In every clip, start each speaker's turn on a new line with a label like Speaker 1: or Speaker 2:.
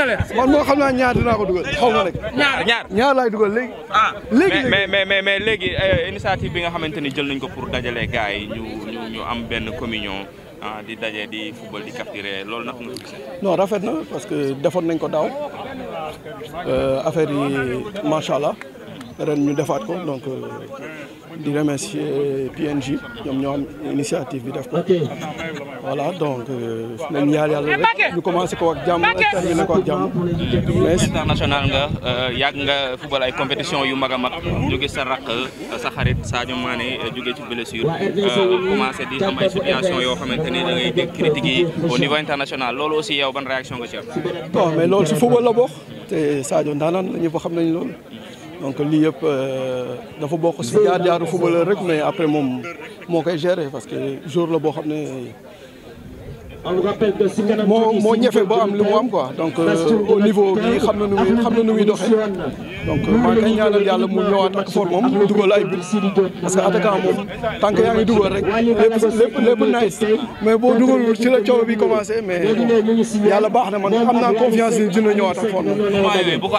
Speaker 1: na leen. man moo xam naa ñaar dinaa ko dugal xaw ma rek ñaar ñaar ñaar laay dugal léegi. ah
Speaker 2: léegi mais mais mais léegi euh, initiative bi nga xamante ni jël nañ ko pour dajale gars yi ñu ñu am benn communion ah, di daje di football di capturer loolu nag nga gis.
Speaker 1: non rafet na parce que defoon nañ ko daaw euh, affaire yi macha allah. ren ñu defaat ko donc euh, di remercier PNJ ñoom ñoo am initiative bi def ko voilà donc euh, nañ ñaar rek ñu commencé ko ak jàmm terminé ko ak jàmm
Speaker 2: international nga euh, yàgg nga football ay compétition yu mag a mag ñu gis sa rakk sa xarit Sadio Mané jógee ci blessure commencé di am ay situation yoo xamante ni da ngay dégg critiques yi au niveau international loolu aussi yow ban réaction nga ci am
Speaker 1: bon mais si football la bokk te Sadio ndaanaan la ñëpp xam nañ loolu donc lii yëpp euh, dafa bokk si jaar-jaaru footballeur rek mais après moom moo koy gérer parce que jour la boo xam ne
Speaker 2: moo moo ba am li mu am quoi donc euh, au niveau bi xam na nu muy donc
Speaker 1: euh, maa ngi koy ñaanal mu ñëwaat ak formam dugal ay but parce que attaquant moom tant que yaa ngi dugal rek lépp lépp mais boo dugalul ci la coow bi commencé mais yàlla baax na man am naa confiance ni dina ñëwaat ak formam. waaye bu
Speaker 2: ko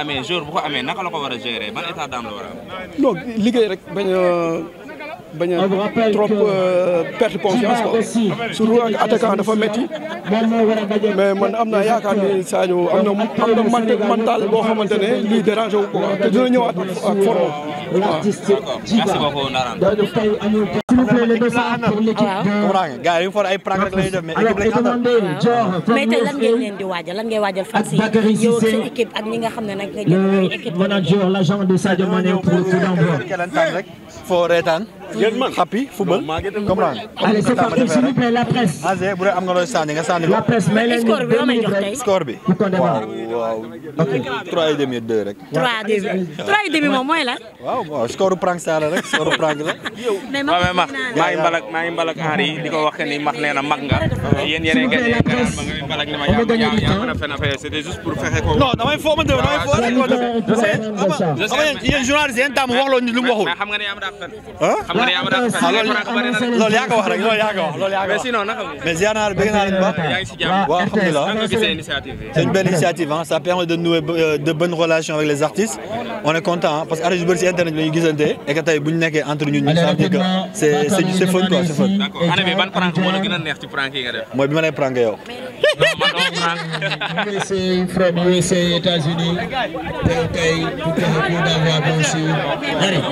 Speaker 2: amee jour bu amee naka la ko war ban état d'âme la
Speaker 1: war liggéey rek bañ a trop euh, perte confiance quoi surtout ak attaquant dafa metti mais man am naa yaakaar ni Sadio am na am boo xamante ne lii wu ko te dina ak forme xam nga man équipe laa àndal comprends nga gars yi la ñuy def mais la ñu àndal. mais
Speaker 2: si yow ak sa équipe ak nga xam ne nag
Speaker 1: nga jël de Sadio Mané pour le coup d'envoi. rek foo reetaan. yéen man happy football comprends
Speaker 2: la presse. AG bu dee am nga
Speaker 1: looy nga sànni ko. la presse may leen bi loo may jox tey score bi. waaw
Speaker 2: waaw. ok rek. 3 et la rek max maa ngi mbalak maa ngi mbalak Henri di ko wax ni max nee na mag nga yéen yéen a ngi gagné nga naan ma ngay mbalak ni ma yaa yaa mën a fen affaire c'était juste pour fexe ko non
Speaker 1: damay foo ma dëgg damay
Speaker 2: foo rek
Speaker 1: yéen journaliste yéen tam wax loo lu mu waxul xam nga ne yaa ma daa
Speaker 2: fen ah? xam nga ne yaa ma daa fen ah, loolu yaa ko wax rek loolu yaa ko wax loolu yaa ko wax mais sinon naka
Speaker 1: mais ziar naa bëgg naa leen ba yaa ngi si jàmm waaw alhamdulilah c'est une belle initiative hein ça permet de nouer euh, de bonnes relations avec les artistes on est content parce que artistes yu bëri si internet bi la ñu gisante et que tey bu ñu nekkee entre ñun
Speaker 2: ñu c'est c'est fun quoi c'est fun. d'accord ana bi ban prank moo la gën a neex ci prank yi nga def. mooy bi ma lay prank yow. non man doo prank. USA from USA États-Unis. tey kay ku tax a